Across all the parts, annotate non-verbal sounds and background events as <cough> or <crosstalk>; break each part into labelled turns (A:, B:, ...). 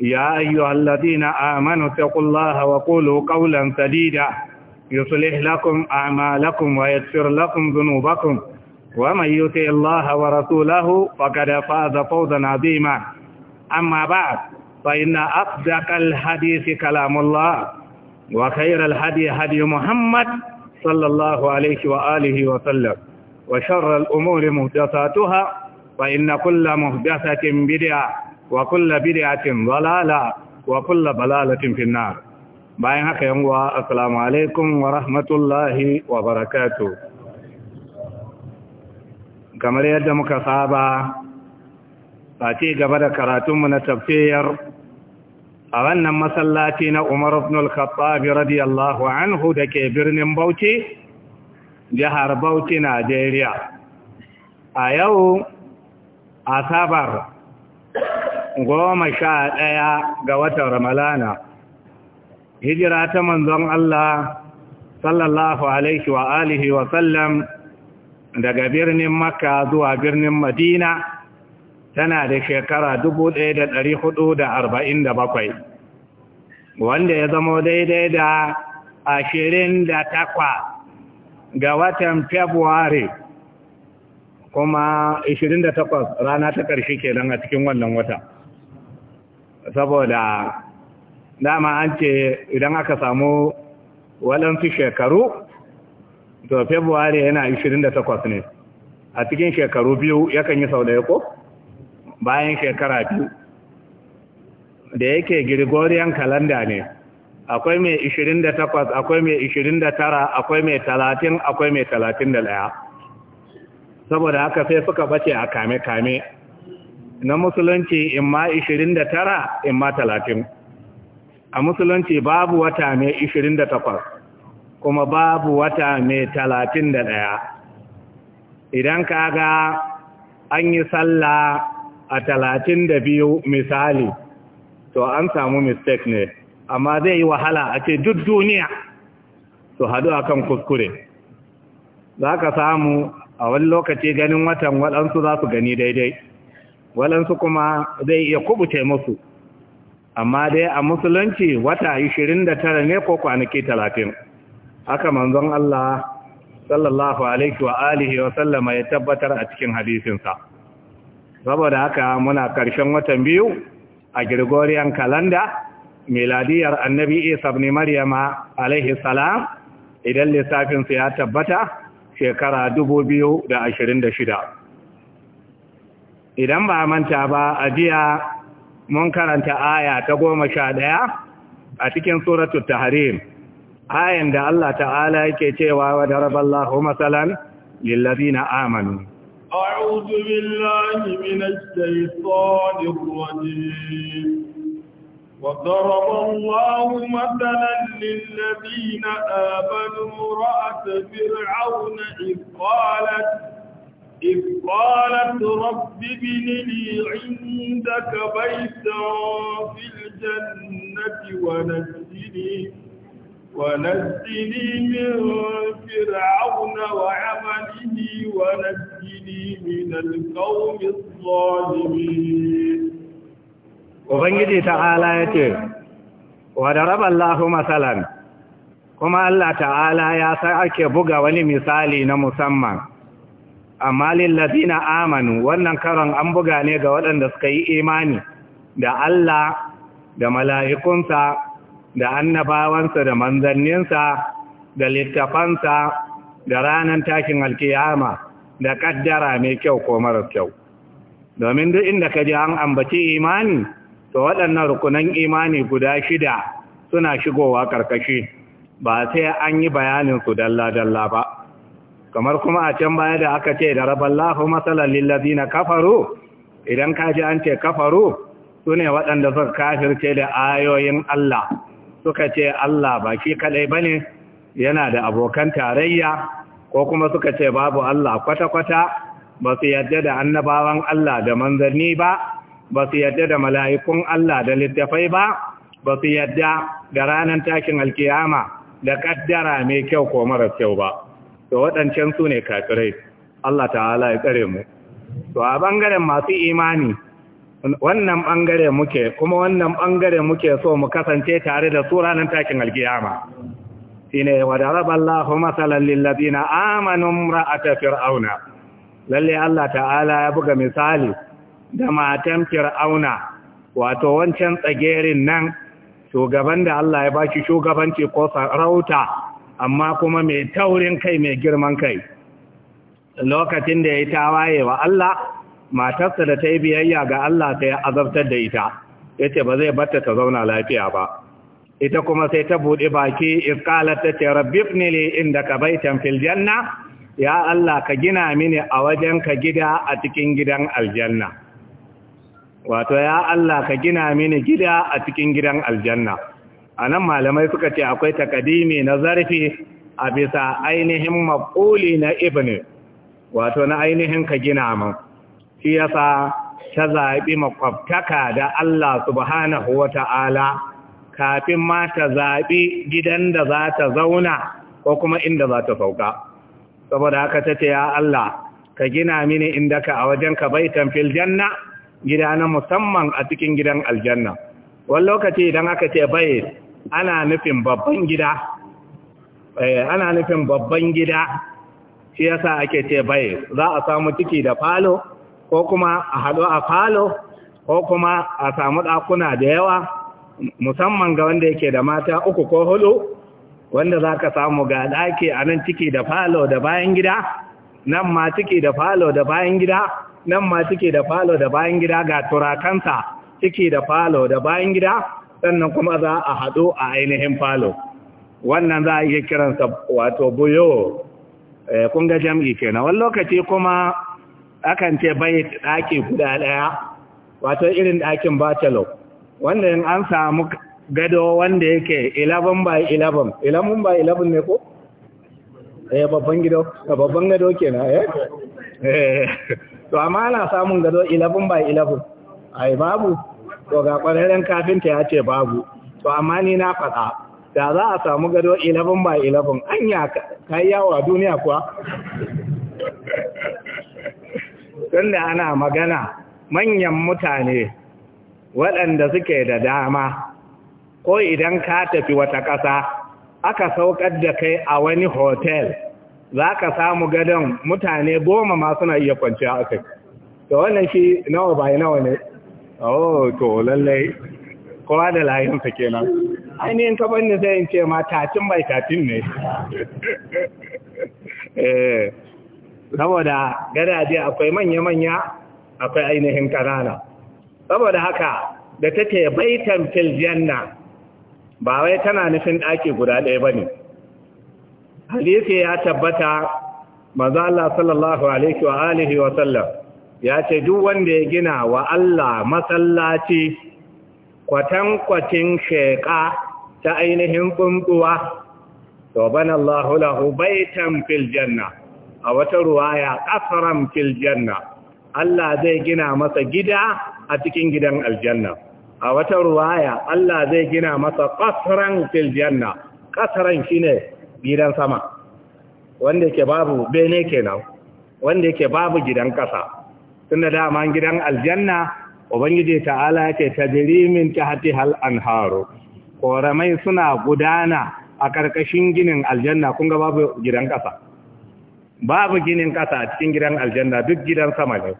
A: يا أيها الذين آمنوا اتقوا الله وقولوا قولا سديدا يصلح لكم أعمالكم ويغفر لكم ذنوبكم ومن يطع الله ورسوله فقد فاز فوزا عظيما أما بعد فإن أصدق الحديث كلام الله وخير الهدي هدي محمد صلى الله عليه وآله وسلم وشر الأمور مهدساتها فإن كل مهدسة بدعة wa kulla bid'atin dalala wa kulla balalatin finnar bayan haka yan uwa assalamu alaikum wa rahmatullahi wa barakatuh kamar yadda muka saba ba gaba da karatunmu na tafsir a wannan masallaci na Umar ibn al-Khattab radiyallahu anhu dake birnin Bauchi jihar Bauchi Najeriya a yau asabar goma sha ɗaya ga watan ramalana hijira ta manzon Allah sallallahu alaihi wa alihi wa sallam daga birnin makka zuwa birnin madina tana da shekara bakwai, wanda ya zama daidai da ashirin da takwa ga watan februari kuma 28 rana ta ƙarshe kenan a cikin wannan wata saboda dama an ce idan aka samu waɗansu shekaru to februari yana 28 ne a cikin shekaru biyu yakan yi sau da yako bayan shekara biyu da yake gregorian kalanda ne akwai mai 28 akwai mai 29 akwai mai 30 akwai mai 31 saboda haka sai suka bace a kame-kame na musulunci imma 29 imma 30 a musulunci babu wata mai 28 kuma babu wata mai 31 idan kaga an yi sallah a 32 misali to an samu mistake ne amma zai yi wahala a ce duk duniya su hadu kan kuskure za ka samu a wani lokaci ganin watan waɗansu za su gani daidai walansu kuma zai iya kubuce musu amma dai a musulunci wata 29 ne ko kwanaki 30 haka manzon Allah sallallahu alaihi wa alihi wa sallama ya tabbatar a cikin hadisinsa saboda haka muna karshen watan biyu a Gregorian calendar miladiyar annabi Isa ibn maryam alaihi salam idan lissafin su ya tabbata shekara 2026 idan ba manta ba a jiya mun karanta aya ta goma sha ɗaya a cikin suratun tahrim ayan da Allah ta'ala yake cewa wa daraballahu masalan lillazina amanu
B: أعوذ بالله من الشيطان الرجيم وضرب الله مثلا للذين آمنوا رأت فرعون إذ قالت إذ قالت رب ابن لي عندك بيتا في الجنة ونجني ونجني من فرعون وعمله ونجني من القوم الظالمين
A: Ubangiji ta'ala ya ce, Wa da raballahu matsalan, kuma Allah ta'ala ya sa ake buga wani misali na musamman. amma Ina amanu wannan karon an buga ne ga waɗanda suka yi imani da Allah da mala'ikunsa da annabawansa da manzanninsa da littafansa da ranan takin alkiyama da ƙaddara mai kyau ko mara kyau domin duk inda ka ji an ambaci imani to waɗannan rukunan imani guda shida suna shigowa ƙarƙashi ba sai an yi bayaninsu dalla-dalla ba kamar kuma a can baya da aka ce da raballahu matsalar na kafaru idan ka ji an ce kafaru su ne waɗanda suka kafirce da ayoyin Allah suka ce Allah ba shi kaɗai ba ne yana da abokan tarayya ko kuma suka ce babu Allah kwata-kwata ba su yadda da annabawan Allah da manzanni ba ba su yadda da mala'ikun Allah da littafai ba ba su yadda da ranar takin alkiyama da ƙaddara mai kyau ko mara kyau ba. to waɗancan su ne kafirai Allah ta'ala ya tsare mu to a bangaren masu imani wannan bangare muke kuma wannan bangare muke so mu kasance tare da su ranar takin alkiyama shine wa daraballahu masalan lil ladina amanu ra'ata fir'auna lalle Allah ta'ala ya buga misali da matan fir'auna wato wancan tsagerin nan shugaban da Allah ya bashi shugabanci ko sarauta amma kuma mai taurin kai mai girman kai lokacin da ya tawaye wa Allah matarsa da ta yi biyayya ga Allah sai ya azabtar da ita ya ce ba zai batta ta zauna lafiya ba ita kuma sai ta buɗe baki iskalar ta ce rabbif nile inda ka bai fil janna ya Allah ka gina mini a wajen ka gida a cikin gidan aljanna wato ya Allah ka gina mini gida a cikin gidan aljanna a nan malamai suka ce akwai takadimi na zarfi a bisa ainihin maƙuli na ibni wato na ainihin ka gina min shi yasa ta zaɓi makwabtaka da Allah subhanahu wa ta'ala kafin ma ta zaɓi gidan da za ta zauna ko kuma inda za ta sauka saboda haka ta ce ya Allah ka gina mini inda ka a wajen ka bai tamfil janna gida na musamman a cikin gidan aljanna wani lokaci idan aka ce bai ana nufin babban gida eh, ana nufin babban gida shi yasa ake ce bai za a samu ciki da falo ko kuma a haɗu a falo ko kuma a samu ɗakuna da yawa musamman ga wanda yake da mata uku ko hulu wanda za ka samu ga ɗaki a nan ciki da falo da bayan gida nan ma ciki da falo da bayan gida nan ma ciki da falo da bayan gida ga turakansa ciki da falo da bayan gida sannan kuma za a haɗo a ainihin falo wannan za a iya kiransa wato buyo eh, kun ga jam'i kenan wani lokaci kuma akan ce bai ɗaki guda ɗaya wato irin ɗakin batalo wanda in an samu gado wanda yake 11 by 11 11 by 11 ne ko? eh babban gido babban gado kenan eh? eh to amma ana samun gado 11 by 11 ai babu to ga ƙwararren kafinta ya ce babu to amma ni na faɗa da za a samu gado 11 by 11 anya ka yi yawo a duniya kuwa tunda ana magana manyan mutane waɗanda suke da dama ko idan ka tafi wata ƙasa aka saukar da kai a wani hotel za ka samu gadon mutane goma ma suna iya kwanciya a kai da wannan shi nawa bai nawa ne oh to lallai kowa da layinsa kenan ainihin kaban ni zai ce ma tatin bai tatin ne <laughs> eh, saboda gadaje akwai manya-manya akwai ainihin kanana saboda haka da take baitan janna ba wai tana nufin ɗaki guda ɗaya ba ne hadisi ya tabbata maza Allah sallallahu alaihi wa alihi wa sallam ya ce duk wanda ya gina wa Allah masallaci kwatankwacin sheƙa ta ainihin tsuntsuwa to bana Allah lahu baitan fil janna a wata ruwaya qasran fil janna Allah zai gina masa gida a cikin gidan aljanna a wata ruwaya Allah zai gina masa qasran fil janna qasran shine gidan sama wanda yake babu bene kenan wanda yake babu gidan ƙasa. Tunda da dama gidan aljanna ubangiji ta'ala ce ta jirimin ta hal anharu koramai suna gudana a ƙarƙashin ginin aljanna kun ga babu gidan ƙasa babu ginin ƙasa a cikin gidan aljanna duk gidan sama ne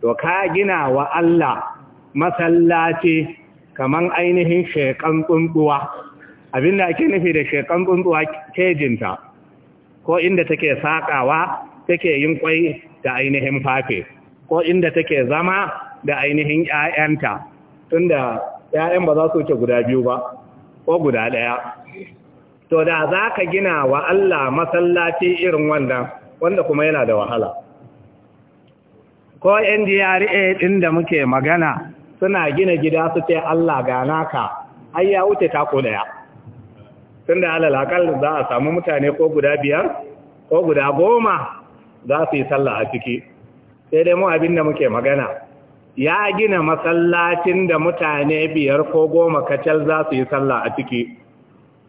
A: to ka gina wa Allah masallaci kaman ainihin sheƙan tsuntsuwa abin da ake nufi da sheƙan tsuntsuwa kejinta ko inda take saƙawa take yin kwai da ainihin fafe ko inda take zama da ainihin ‘ya'yanta tunda ‘ya'yan ba za su wuce guda biyu ba ko guda ɗaya to da za ka gina wa Allah masallaci irin wannan wanda kuma yana da wahala ko NDRA ɗin da muke magana suna gina gida su ce Allah ga naka ai ya wuce taku ɗaya tunda alalakal za a samu mutane ko guda biyar ko guda goma za su yi sallah a ciki sai dai mu abin da muke magana ya gina masallacin da mutane biyar ko goma kacal za su yi sallah a ciki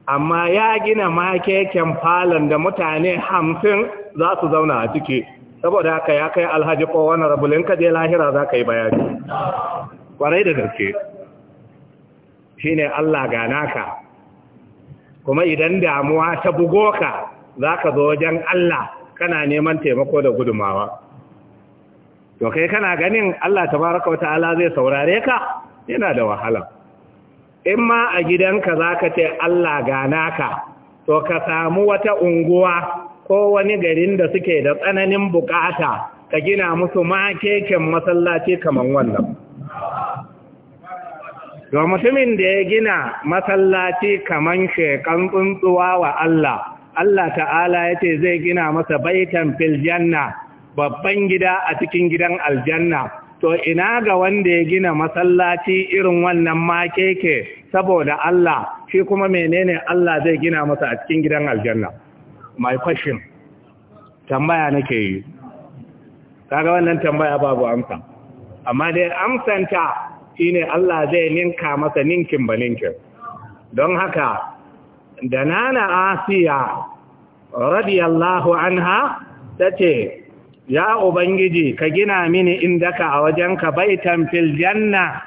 A: amma ya gina makeken falon da mutane hamsin za su zauna a ciki saboda haka ya kai alhaji ko wani rabulin ka je lahira za ka yi bayani kwarai da gaske shi ne Allah gana ka kuma idan damuwa ta bugo ka za ka zo wajen Allah kana neman taimako da gudumawa to kai kana ganin Allah tabaraka wa ta'ala zai saurare ka yana da wahala in ma a gidanka zaka ce Allah ga naka to ka samu wata unguwa ko wani garin da suke da tsananin bukata ka gina musu ma keken masallaci kaman wannan ga mutumin da ya gina masallaci kaman shekan tsuntsuwa wa Allah Allah ta'ala ya ce zai gina masa baitan fil janna babban gida a cikin gidan aljanna to ina ga wanda ya gina masallaci irin wannan makeke saboda Allah shi kuma menene Allah zai gina masa a cikin gidan aljanna my question tambaya nake yi kaga wannan tambaya babu amsa amma dai amsanta shine Allah zai ninka masa ninkin ba ninkin don haka da nana asiya radiyallahu anha tace ya ubangiji ka gina mini indaka a wajen ka baitan fil janna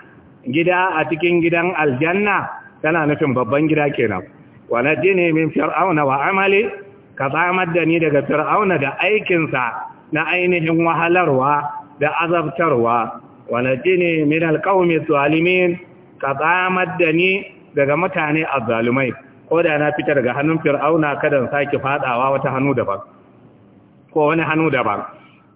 A: gida a cikin gidan aljanna tana nufin babban gida kenan wala jini min fir'auna wa amali ka tsamar da ni daga fir'auna da aikinsa na ainihin wahalarwa da azabtarwa wala jini min alqaumi zalimin ka tsamar da ni daga mutane azzalumai ko da na fita daga hannun fir'auna kada sake fadawa wata hannu daban ko wani hannu daban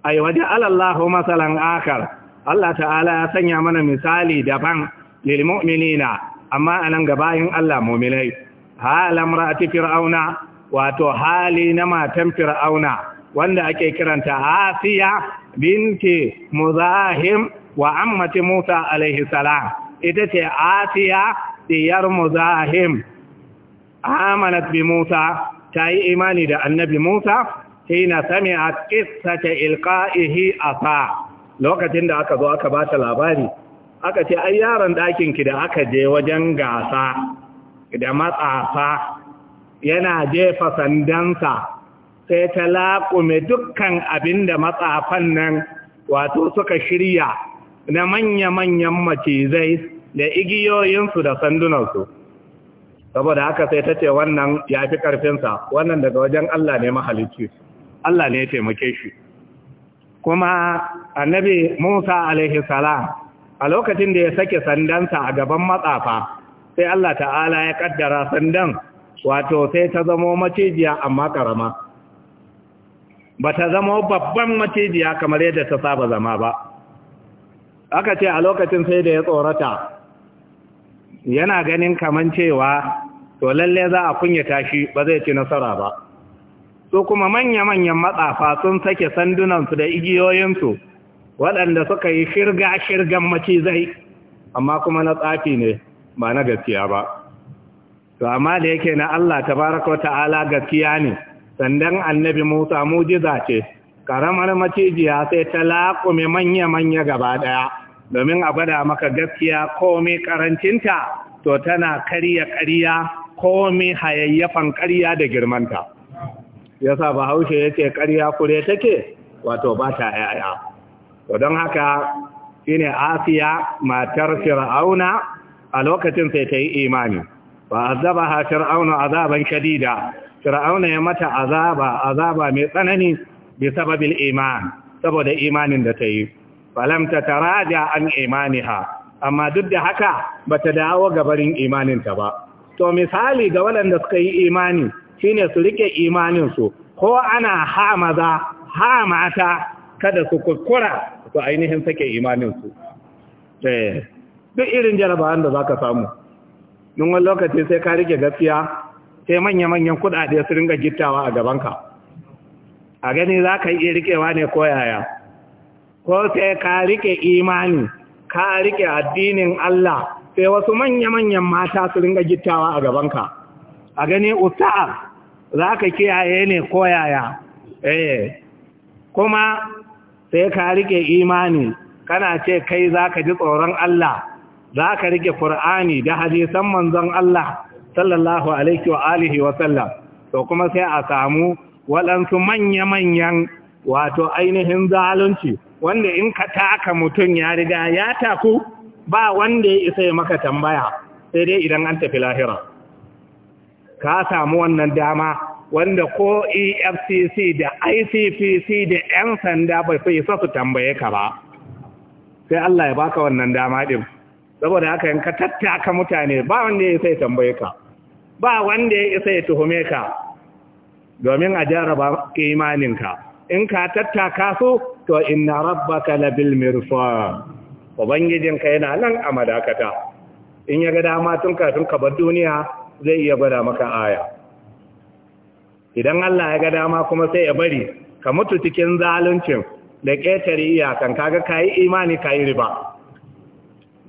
A: ai waje alallahu masalan akar Allah ta'ala ya sanya mana misali daban lil mu'minina amma anan gabayin Allah mu'minai halam ra'ati fir'auna wato hali na matan fir'auna wanda ake kiranta Asiya binti Muzahim wa ammati Musa alaihi salam ita ce Asiya diyar Muzahim amanat bi Musa ta imani da annabi Musa hina sami'at qissata ilqa'ihi afa lokacin da aka zo aka ba ta labari aka ce ai yaron ɗakin ki da aka je wajen gasa da matsafa yana jefa sandansa sai ta laƙume dukkan abinda matsafan nan wato suka shirya na manya-manyan macizai da igiyoyinsu da sandunansu saboda haka sai ta ce wannan ya fi ƙarfinsa wannan daga wajen Allah ne mahalicci Allah ne ya taimake shi kuma annabi Musa alaihi salam a lokacin da ya sake sandansa a gaban matsafa sai Allah ta'ala ya kaddara sandan wato sai ta zamo macijiya amma karama ba ta zamo babban macijiya kamar yadda ta saba zama ba aka ce a lokacin sai da ya tsorata yana ganin kaman cewa to lalle za a kunyata shi ba zai ci nasara ba su kuma manya-manyan matsafa sun sake sandunansu da igiyoyinsu waɗanda suka yi shirga-shirgan macizai amma kuma na tsafi ne ba na gaskiya ba to amma da yake na Allah tabaraka ta'ala gaskiya ne sandan annabi Musa mujiza ce ƙaramar macijiya sai ta laƙume manya-manya gaba ɗaya domin a gwada maka gaskiya komai karancinta to tana karya ƙarya komai hayayyafan karya da girmanta ya sa bahaushe ya ce ƙarya kure take wato ba ta ‘ya'ya to don haka shi ne asiya matar fir'auna a lokacin sai ta yi imani ba zaba ha fir'auna azaban shadida fir'auna ya mata azaba azaba mai tsanani bi sababil iman saboda imanin da ta yi falamta ta raja an imani ha. amma duk da haka ba ta dawo gabarin imaninta ba to misali ga waɗanda suka yi imani shine su rike imaninsu ko ana ha maza ha mata kada su kukura su ainihin sake imaninsu eh, duk irin jarabawan da za ka samu don wani lokaci sai ka rike gaskiya sai manya-manyan kudade su ringa gittawa a gabanka a gani za ka iya rikewa ne ko yaya ko sai ka rike imani ka rike addinin Allah sai wasu manya-manyan mata su ringa gittawa a gabanka a gani usta'a. za ka kiyaye ne koyaya? yaya eh kuma sai ka rike imani kana ce kai za ka ji tsoron Allah za ka rike Kur'ani da hadisan manzon Allah sallallahu alaihi wa alihi wa sallam to kuma sai a samu waɗansu manya-manyan wato ainihin zalunci wanda in ka taka mutum ya riga ya taku ba wanda ya isa ya maka tambaya sai dai idan an tafi lahira ka samu wannan dama wanda ko efcc da icpc da 'yan sanda bai fi isa su tambaye ka ba sai allah ya baka wannan dama ɗin saboda haka in ka tattaka mutane ba wanda ya isa ya tambaye ka ba wanda ya isa ya tuhume ka domin a jarraba imaninka in ka tattaka su to inna rabbaka labil mirsa ka yana nan a madakata in ya ga dama tun kafin ka bar duniya zai iya gwada maka aya idan Allah ya ga dama kuma sai ya bari ka mutu cikin zaluncin da ƙetare iyakan kaga kayi imani kayi riba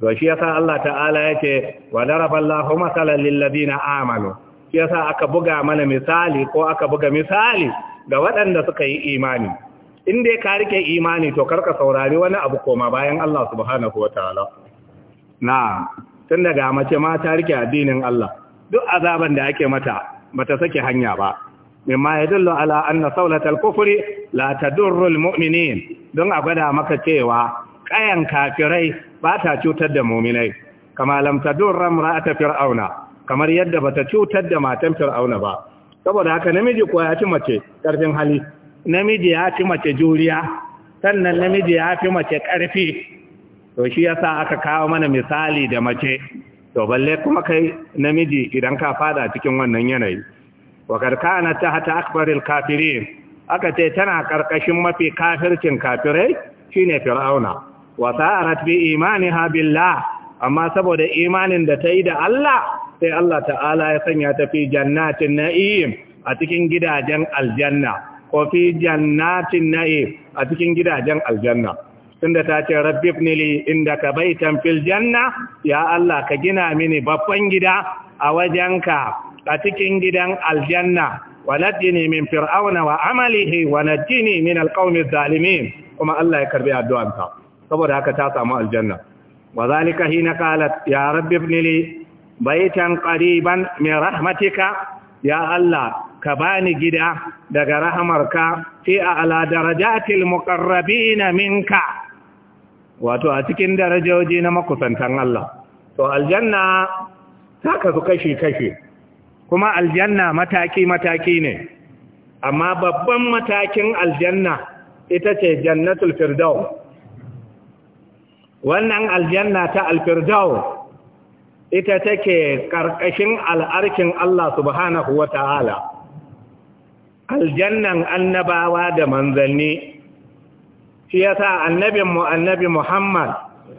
A: to shi yasa Allah ta'ala yake wa Allahu masalan lil ladina amanu shi yasa aka buga mana misali ko aka buga misali ga waɗanda suka yi imani in dai ka rike imani to karka saurari wani abu koma bayan Allah subhanahu wataala na tun daga mace ma ta rike addinin Allah duk azaban da ake mata bata sake hanya ba mimma yadullu ala anna saulatal kufri la tadurru mu'minin don a gwada maka cewa kayan kafirai ba ta cutar da mu'minai kama lam tadurra imra'ata fir'auna kamar yadda bata cutar da matan fir'auna ba saboda haka namiji ko ya ci mace karfin hali namiji ya ci mace juriya sannan namiji ya fi mace karfi to shi yasa aka kawo mana misali da mace to balle kuma kai namiji idan ka fada cikin wannan yanayi wa karkana ta hata akbaril kafirin aka ce tana karkashin mafi kafircin kafirai shine fir'auna wa sa'arat bi imaniha billah amma saboda imanin da ta yi da Allah sai Allah ta'ala ya sanya ta fi jannatin na'im a cikin gidajen aljanna ko fi jannatin na'im a cikin gidajen aljanna tunda ta ce rabbi inda ka baitan fil janna ya Allah ka gina mini babban gida a wajenka a cikin gidan aljanna wanajjini min fir'auna wa amalihi wanajjini min alqaumi zalimin kuma Allah ya karbi addu'anta saboda haka ta samu aljanna wa zalika hina qalat ya rabbi ibnili baitan qariban min rahmatika ya Allah ka bani gida daga rahamarka fi a ala darajatil muqarrabina minka wato a cikin darajoji na makusantan Allah to aljanna ta kasu kashi-kashi kuma aljanna mataki-mataki ne amma babban matakin aljanna ita ce jannatul firdau wannan aljanna ta alfirdau ita take ƙarƙashin al'arkin Allah subhanahu wa ta'ala, aljannan annabawa da manzanni, shi yasa annabinmu annabi Muhammad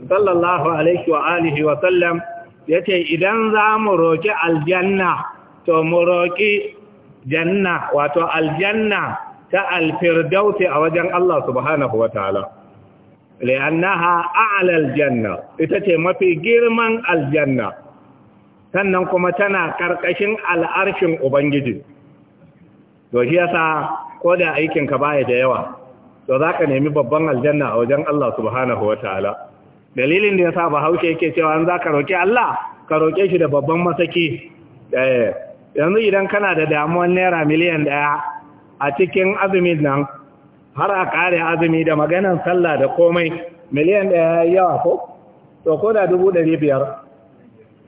A: sallallahu alaihi wa alihi wa sallam yace idan za mu roki aljanna to mu roƙi janna wato aljanna ta alfirdausi a wajen Allah subhanahu wa ta'ala li'annaha a'la aljanna ita ce mafi girman aljanna sannan kuma tana karkashin al'arshin ubangiji to shi yasa ko da aikinka baya da yawa to za ka nemi babban aljanna a wajen Allah subhanahu wa ta'ala dalilin da ya sa ba haushe yake cewa an za ka roƙi Allah ka roƙe shi da babban masaki eh, yanzu idan kana da damuwan naira miliyan ɗaya a cikin azumi nan har a ƙare azumi da maganan sallah da komai miliyan ɗaya yawa ko to ko da dubu ɗari biyar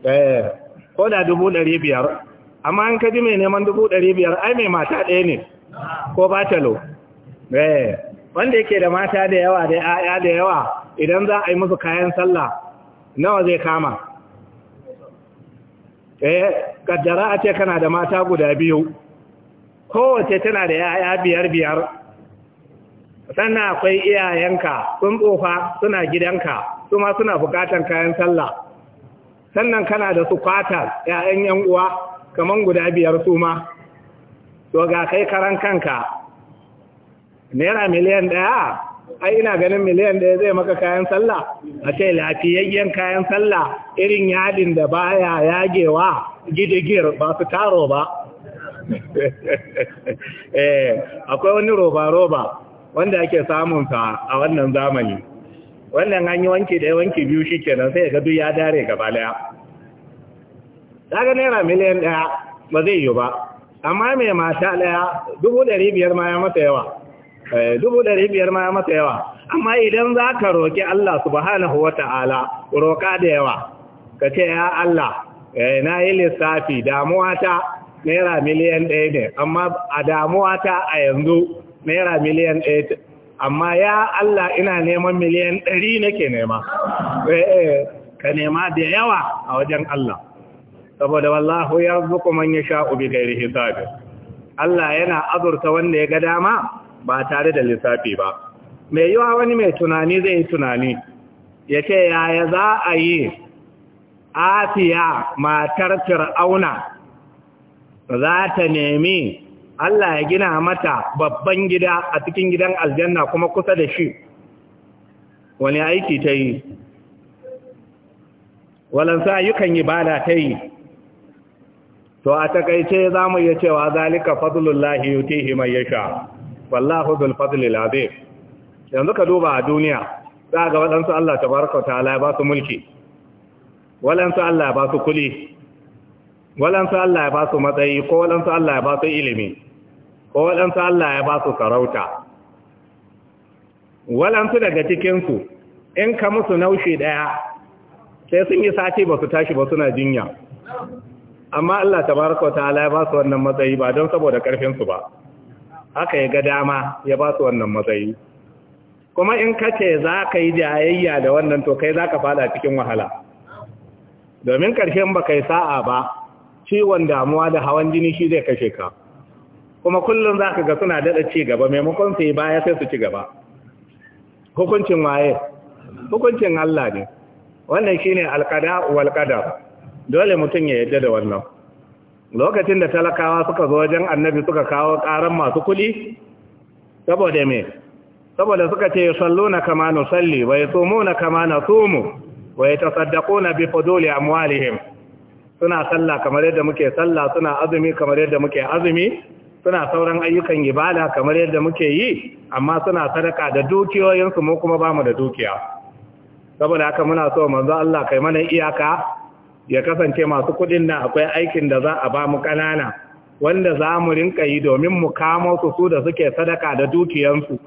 A: eh, ko da dubu ɗari biyar amma an kaji mai neman dubu ɗari biyar ai mai mata ɗaya ne ko batalo eh wanda yake da mata da yawa da ‘ya'ya da yawa idan za a yi musu kayan sallah nawa zai kama eh kaddara a ce kana da mata guda biyu kowace tana da ‘ya'ya biyar biyar sannan akwai iyayenka sun tsofa suna gidanka su suna bukatan kayan sallah sannan kana da su kwata ‘ya'yan ‘yan uwa kaman guda biyar su ma to ga kai karan kanka naira miliyan ɗaya ai ina ganin miliyan ɗaya zai maka kayan sallah a ce lafiyayyen kayan sallah irin yadin da baya yagewa gidigir ba su taro ba <laughs> eh, akwai wani roba-roba wanda ake samunsa a wannan zamani wannan an yi wanki ɗaya wanki biyu shi kenan sai ga ya dare gaba ɗaya daga naira miliyan ɗaya ba zai yi ba amma mai mata ɗaya dubu ɗari biyar ma ya mata yawa Eh, dubu ɗari biyar ma masa yawa amma idan za ka roƙi Allah subhanahu wa ta'ala roƙa da yawa ka ce ya Allah eh, na yi lissafi damuwa ta naira miliyan ɗaya ne amma a damuwa ta a yanzu naira miliyan ɗaya amma ya Allah ina neman miliyan ɗari nake nema eh, ka nema da yawa a wajen Allah saboda wallahu ya zuku man ya da bi gairi hisabi Allah yana azurta wanda ya ga dama ba tare da lissafi ba mai yiwa wani mai tunani zai yi tunani ya ce yaya za a yi afiya matar fir'auna za ta nemi Allah ya gina mata babban gida a cikin gidan aljanna kuma kusa da shi wani aiki ta yi walansa ayyukan ibada ta yi to a takaice za mu iya cewa zalika fadlullahi yutihi mai yasha wallahu bil fadli labe yanzu ka duba a duniya za ga waɗansu Allah tabaraka ta'ala ya ba su mulki waɗansu Allah ya ba su kuli waɗansu Allah ya ba su matsayi ko waɗansu Allah ya ba su ilimi ko waɗansu Allah ya ba su sarauta waɗansu daga cikinsu in ka musu naushi ɗaya sai sun yi sati ba su tashi ba suna jinya amma Allah tabaraka ta'ala ya ba su wannan matsayi ba don saboda ƙarfinsu ba haka ya ga dama ya ba su wannan matsayi kuma in ka ce za ka yi jayayya da wannan to kai za ka fada cikin wahala domin ƙarshen ba kai sa'a ba ciwon damuwa da hawan jini shi zai kashe ka kuma kullum za ka ga suna daɗa ci gaba maimakon su yi baya sai su ci gaba hukuncin waye hukuncin Allah ne wannan shine alƙada wal dole mutum ya yarda da wannan lokacin da talakawa suka zo wajen annabi suka kawo ƙaran masu kuɗi saboda me saboda suka ce salluna kama nusalli wa yasumuna kama nasumu wa yatasaddaquna bi fuduli amwalihim suna sallah kamar yadda muke sallah suna azumi kamar yadda muke azumi suna sauran ayyukan ibada kamar yadda muke yi amma suna sadaka da dukiyoyinsu mu kuma bamu da dukiya saboda haka muna so manzo Allah kai mana iyaka ya kasance masu kuɗin nan akwai aikin da za a ba mu ƙanana wanda za mu rinka yi domin mu kamo su su da suke sadaka da dukiyansu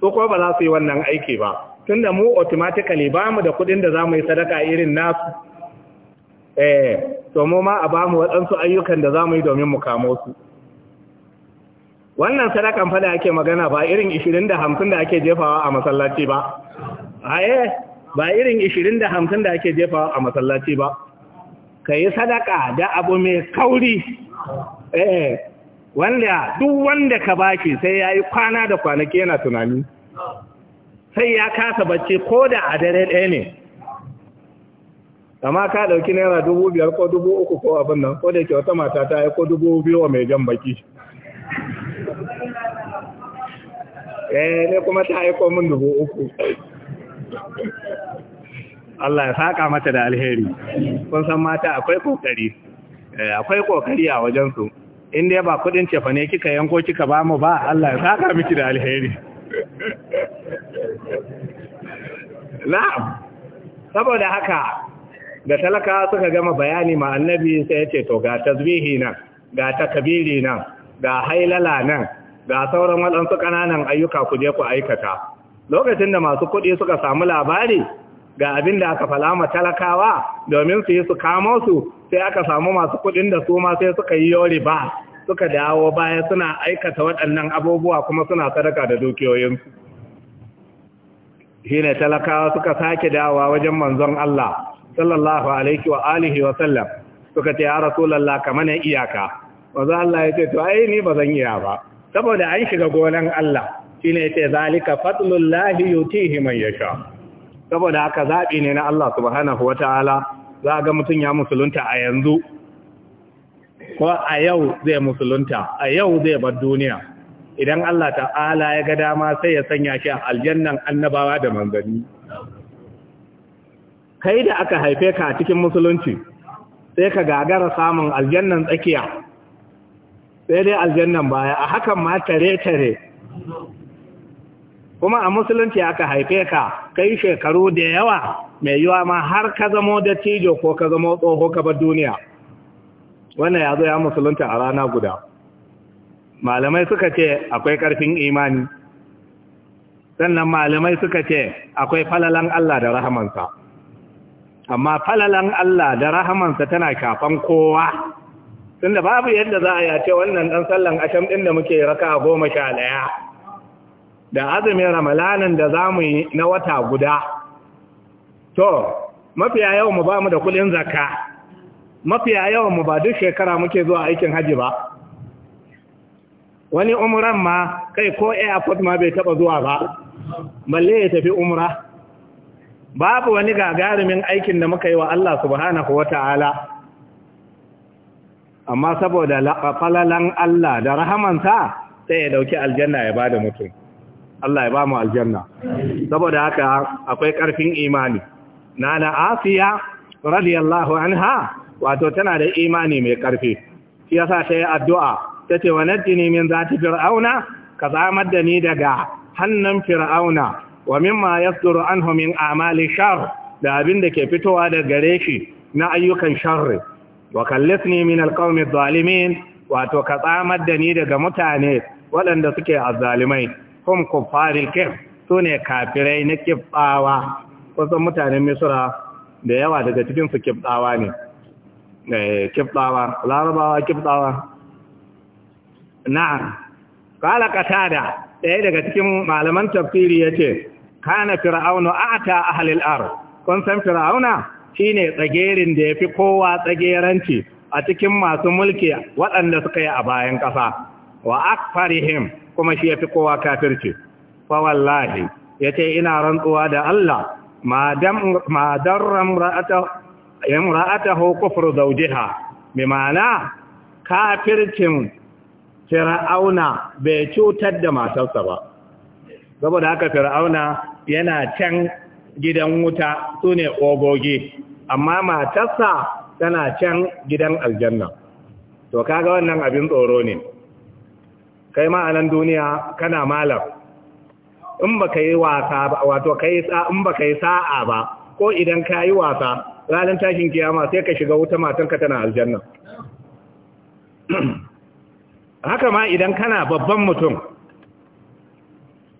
A: su ko ba za su yi wannan aiki ba tunda mu automatically ba mu da kuɗin da za mu yi sadaka irin nasu eh to mu ma a ba mu waɗansu ayyukan da za mu yi domin mu kamo su wannan sadakan fa da ake magana ba irin 20 da 50 da ake jefawa a masallaci ba aye ba irin 20 da 50 da ake jefawa a masallaci ba ka yi sadaka da abu mai kauri eh wanda duk wanda ka baki sai ya yi kwana da kwanaki yana tunani sai ya kasa bacci ko da a dare ɗaya ne amma ka ɗauki naira dubu biyar ko dubu uku ko abin nan ko da ke wata mata ta yi ko dubu biyu wa mai jan baki eh ne kuma ta aiko min dubu uku Allah ya saka mata da alheri kun san mata akwai kokari eh, akwai kokari a wajen su in dai ba kudin cefa ne kika yanko kika ba mu ba Allah ya saka miki da alheri <laughs> na'am saboda haka da talaka suka gama bayani ma annabi sai ya ce to ga tasbihi nan ga takabiri nan ga hailala nan ga sauran waɗansu ƙananan ayyuka ku je ku aikata lokacin da masu kuɗi suka samu labari ga abin da aka falama talakawa domin su yi su kamo su sai aka samu masu kudin da su ma sai suka yi yori ba suka dawo baya suna aikata waɗannan abubuwa kuma suna sadaka da dukiyoyinsu shi talakawa suka sake dawowa wajen manzon Allah sallallahu alaihi wa alihi wa sallam suka ce ya rasulullah ka mana iyaka manzon Allah ya ce to ai ni ba zan iya ba saboda an shiga gonan Allah shine ya ce zalika fadlullahi yutihi man yasha saboda haka zaɓi ne na Allah subhanahu wata'ala za a ga mutum ya musulunta a yanzu ko a yau zai musulunta a yau zai bar duniya idan Allah ta'ala ya ga dama sai ya sanya shi a aljannan annabawa da manzanni kai da aka haife ka a cikin musulunci sai ka gagara samun aljannan tsakiya sai dai aljannan baya a hakan ma tare-tare kuma a musulunci aka haife ka kai shekaru da yawa mai yiwa ma har ka zamo da tijo ko ka zamo tsoho ka bar duniya wannan ya zo ya musulunta a rana guda malamai suka ce akwai ƙarfin imani sannan malamai suka ce akwai falalan Allah da rahamansa amma falalan Allah da rahamansa tana kafan kowa tunda babu yadda za a yace wannan dan sallan asham din da muke raka goma sha ɗaya da azumin ramalanin da za mu yi na wata guda to mafiya yawan mu ba mu da kudin zaka mafiya yawan mu ba duk shekara muke zuwa aikin haji ba wani umran ma kai ko airport ma bai taba zuwa ba balle ya tafi umra babu wani gagarumin aikin da muka yi wa Allah subhanahu wata'ala amma saboda falalan Allah da rahamansa sai ya dauki aljanna ya bada mutum Allah ya ba mu aljanna saboda haka akwai ƙarfin imani nana afiya radiyallahu anha wato tana da imani mai ƙarfi shi yasa ta yi addu'a ta ce wani jini min zati fir'auna ka zamar da ni daga hannun fir'auna wa mimma yasduru anhu min amali shar da abin da ke fitowa da gare shi na ayyukan sharri wa kallisni min alqawmi zalimin wato ka zamar da ni daga mutane waɗanda suke azzalimai hum kuffaril kif sune kafirai na kibbawa kusan mutanen misra da yawa daga cikin su ne eh larabawa kibbawa na'am kala katada ɗaya daga cikin malaman tafsiri yace kana fir'aunu a'ta ahlil ard kun san fir'auna shine tsagerin da yafi kowa tsageranci a cikin masu mulki waɗanda suka yi a bayan ƙasa wa akfarihim kuma shi ya fi kowa kafirce. fa wallahi ya ce ina rantsuwa da Allah ma darram ra'atahu kufru zawjiha bi ma'ana kafircin fir'auna bai cutar da matarsa ba saboda haka fir'auna yana can gidan wuta sune ogogi amma matarsa tana can gidan aljanna to kaga wannan abin tsoro ne kai ma a nan duniya kana malam in ba ka yi wasa ba wato kai sa in ba ka yi sa'a ba ko idan ka yi wasa ranar tashin kiyama sai ka shiga wuta matanka tana aljanna <clears throat> haka ma idan kana babban mutum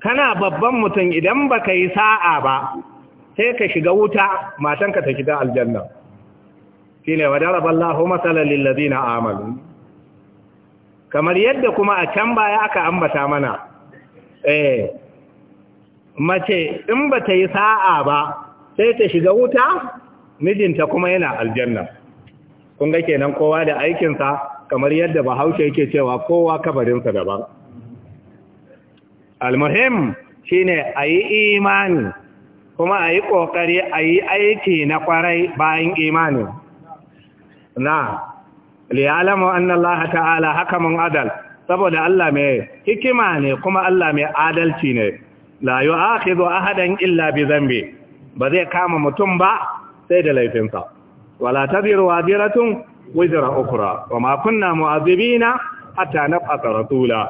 A: kana babban mutum idan ba ka yi sa'a ba sai ka shiga wuta matanka ta shiga aljanna shi ne wa daraballahu matsalar lillazi na amalin kamar yadda kuma a can baya aka ambata mana eh mace in ba ta yi sa'a ba sai ta shiga wuta mijinta kuma yana aljanna kun ga kenan kowa da aikinsa kamar yadda bahaushe yake cewa kowa kabarinsa daban almuhim shine ayi imani kuma ayi yi ƙoƙari a aiki na kwarai bayan imani na liyalamu anna Allah ta'ala mun adal saboda Allah mai hikima ne kuma Allah mai adalci ne la a ahadan illa bi dhanbi ba zai kama mutum ba sai da laifinsa wala tadiru wadiratun wizra ukhra wa ma kunna mu'adhibina hatta fasa rasula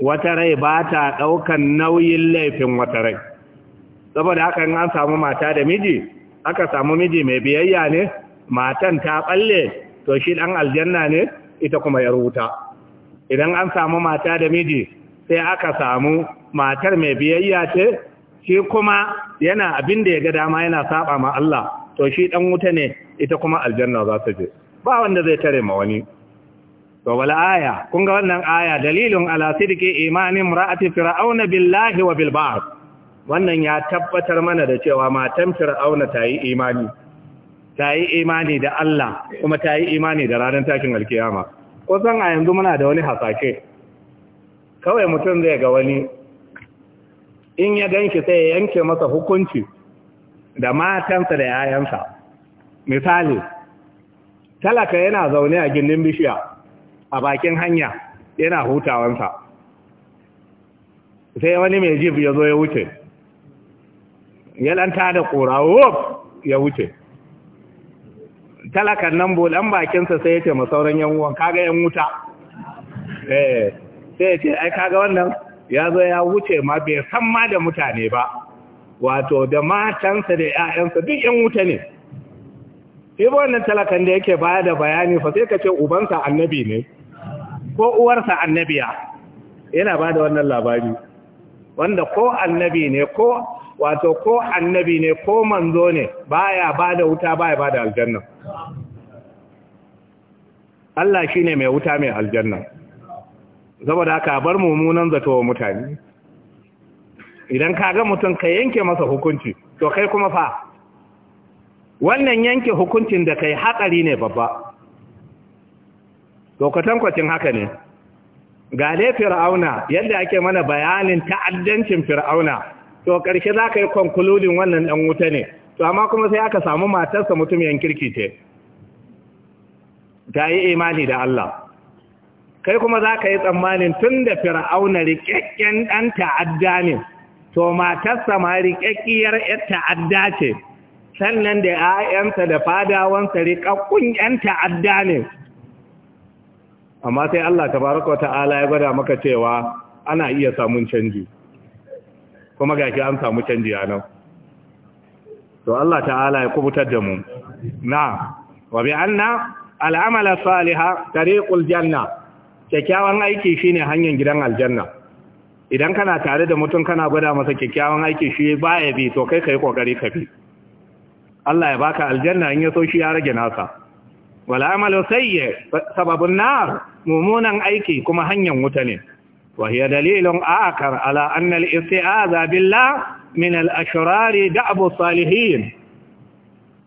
A: wata rai ba ta ɗaukan nauyin laifin wata rai saboda haka in an samu mata da miji aka samu miji mai biyayya ne matan ta balle to shi dan aljanna ne ita kuma ya wuta. idan an samu mata da miji sai aka samu matar mai biyayya ce shi kuma yana abin da ya ga dama yana saba ma Allah to shi dan wuta ne ita kuma aljanna za ta je ba wanda zai tare ma wani to wal aya kun ga wannan aya dalilun ala sidqi imanin mura'ati fir'auna billahi wa bil ba'd wannan ya tabbatar mana da cewa matan fir'auna ta yi imani ta yi imani da Allah kuma ta yi imani da ranar takin alkiyama kusan a yanzu muna da wani hasashe kawai mutum zai ga wani in ya ganki sai ya yanke masa hukunci da matansa da yayansa misali talaka yana zaune a gindin bishiya a bakin hanya yana hutawansa sai wani mai jif ya zo ya wuce ya lanta da ƙura ya wuce talakan nan bolan bakinsa sai ya ce masauran yan uwan kaga yan wuta eh sai ya ce ai kaga wannan ya zo ya wuce ma bai san ma da mutane ba wato da matansa da ‘ya'yansa duk ‘yan wuta ne. ba wannan talakan da yake baya da bayani fa sai ka ce ubansa annabi ne, ko uwarsa annabiya, yana ba da wannan labari, wanda ko annabi ne ko wato ko annabi ne ko manzo ne baya ba da wuta baya ba da aljanna. Allah shi ne mai wuta mai aljanna saboda ka bar mummunan zato wa mutane idan ka ga mutum ka yanke masa hukunci to kai kuma fa wannan yanke hukuncin da kai haƙari ne babba lokacin kwacin haka ne gale fir'auna yadda ake mana bayanin ta'addancin fir'auna to ƙarshe za ka yi konkuludin wannan ɗan wuta ne to amma kuma sai aka samu matarsa mutum mutumiyan kirki ce ta yi imani da Allah kai kuma za ka yi tsammanin tun da fir'auna rikakken ɗan ta'adda ne to matarsa ma rikakkiyar ‘yar ta'adda ce sannan da ‘ya'yansa da fadawansa riƙaƙƙun ‘yan ta'adda ne amma sai Allah baraka wa ta'ala ya gwada maka cewa ana iya samun canji kuma ga an samu canji a nan to Allah ta'ala ya kubutar da mu na wa bi anna al'amala salihah tariqul janna kyakkyawan aiki shine hanyar gidan aljanna idan kana tare da mutum kana gwada masa kyakkyawan aiki shi baya bi to kai kai kokari ka bi Allah ya baka aljanna in ya so shi ya rage nasa wal amalu sayyi sababun nar mumunan aiki kuma hanyar wuta ne wa hiya dalilun akar ala anna al isti'aza billah min al'ashirari da abu salihin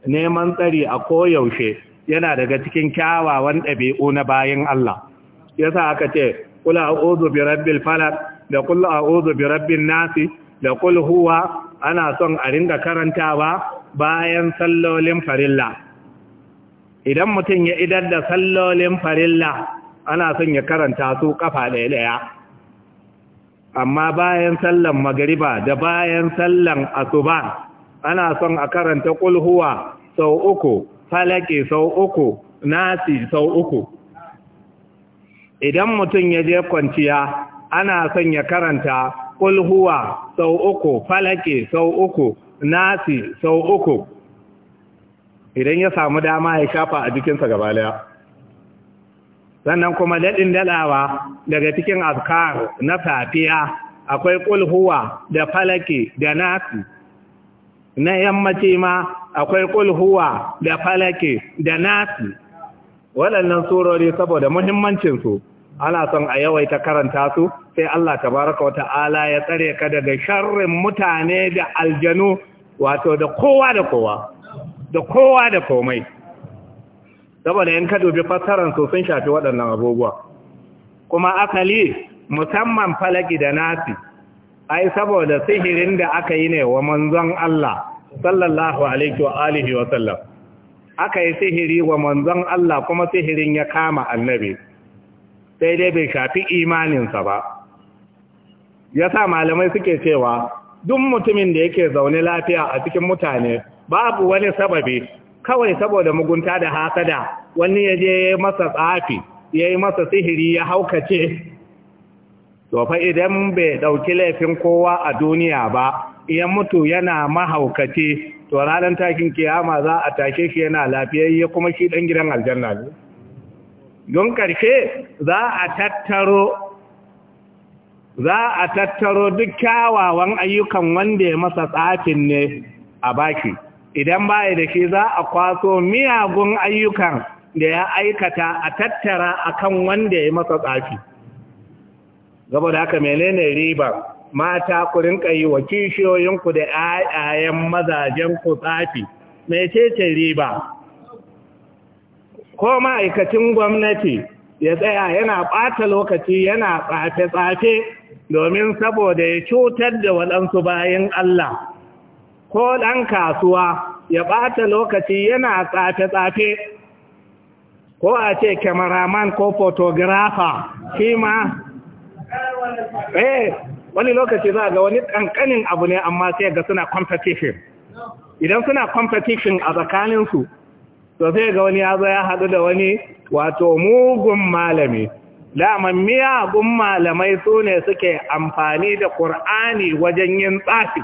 A: neman tsari a koyaushe yana daga cikin kyawawan ɗabi'u na bayan Allah ya sa aka ce kula a ozu bi rabbil da kula a ozu bi rabbin nasi da kul huwa ana son a ringa karantawa bayan sallolin farilla idan mutum ya idar da sallolin farilla ana son ya karanta su kafa ɗaya-ɗaya amma bayan sallan magariba da bayan sallan asuba ana son a karanta kulhuwa sau uku falake sau uku nasi sau uku idan mutum ya je kwanciya ana son ya karanta kulhuwa sau uku falake sau uku nasi sau uku idan ya samu dama ya shafa a jikinsa gabalaya sannan kuma daɗin dalawa daga cikin azkar na safiya akwai kulhuwa da falaki da nasi na yammaci ma akwai kulhuwa da falaki da nasi waɗannan surori saboda muhimmancinsu ana son a yawaita karanta su sai Allah tabaraka wa ta'ala ya tsare ka daga sharrin mutane da aljanu wato da kowa da kowa da kowa da komai saboda in ka dubi fassaran su sun shafi waɗannan abubuwa kuma asali, musamman falaki da nasi ai saboda sihirin da aka yi ne wa manzon Allah sallallahu alaihi wa alihi wa sallam aka yi sihiri wa manzon Allah kuma sihirin ya kama annabi sai dai bai shafi imaninsa ba Yasa malamai suke cewa duk mutumin da yake zaune lafiya a cikin mutane babu wani sababi kawai saboda mugunta da hasada wani ya je masa tsafi ya yi masa sihiri ya haukace to fa idan bai ɗauki laifin kowa a duniya ba iyan mutu yana mahaukace to ranar takin kiyama za a tashe shi yana lafiyayye kuma shi ɗan gidan aljanna ne don ƙarshe za a tattaro za a tattaro duk kyawawan ayyukan wanda ya masa tsafin ne a baki idan baya da shi za a kwaso miyagun ayyukan da ya aikata a tattara akan wanda ya masa tsafi gaba da haka menene riba mata ku rinka yi wa kishiyoyinku da ayayen mazajen ku tsafi cece riba ko ma'aikacin gwamnati ya tsaya yana ɓata lokaci yana tsafe-tsafe domin saboda ya cutar da waɗansu bayan Allah ko ɗan kasuwa ya ɓata lokaci yana tsafe-tsafe ko a ce cameraman ko photographer shi ma ɗaya eh, wani lokaci za ga wani ƙanƙanin abu ne amma sai ga suna competition idan suna competition a tsakaninsu to sai ga wani ya zo ya haɗu da wani wato mugun malami daman miyagun malamai su ne suke amfani da ƙur'ani wajen yin tsafi